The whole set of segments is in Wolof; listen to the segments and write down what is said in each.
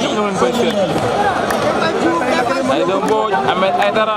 ñoom ñëpp ñu leen koy seet Aïda Mbodj Ahmed Aïdara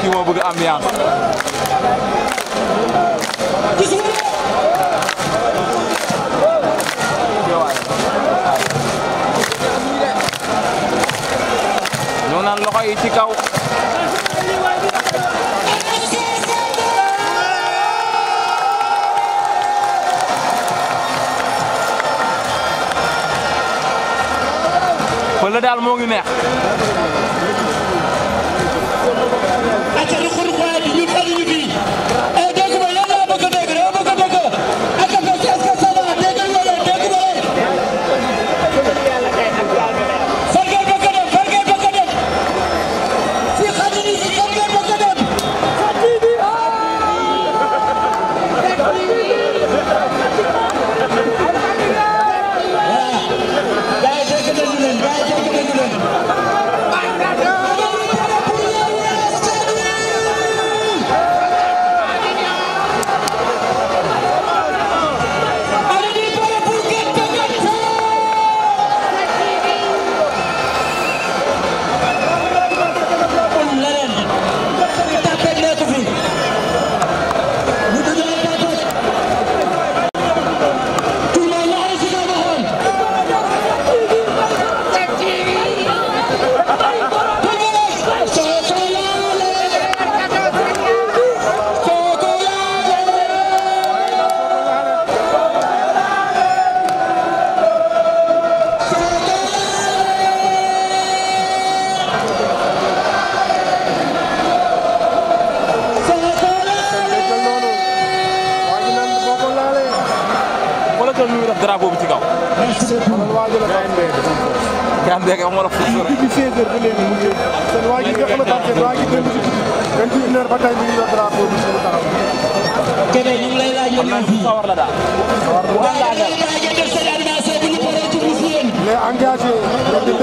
kii moo bëgg ambiance. ñu naan loxo yi ci kaw. fële daal moo ngi neex. acca ruqu ruqu waaye bi ñu te lu def drapeau bi ci kaw. yaa ngi dégg wax nga la fukki rek. depuis 16 heures ba léegi mu ngi seen waa ji nga xamante ne waa ji dem ci 21 heures ba tey ñu ngi yor drapeau bi suñu kanam. Kébé ñu ngi lay laaj ñu naan fii sawar la daal. bu engagé la. les engagés.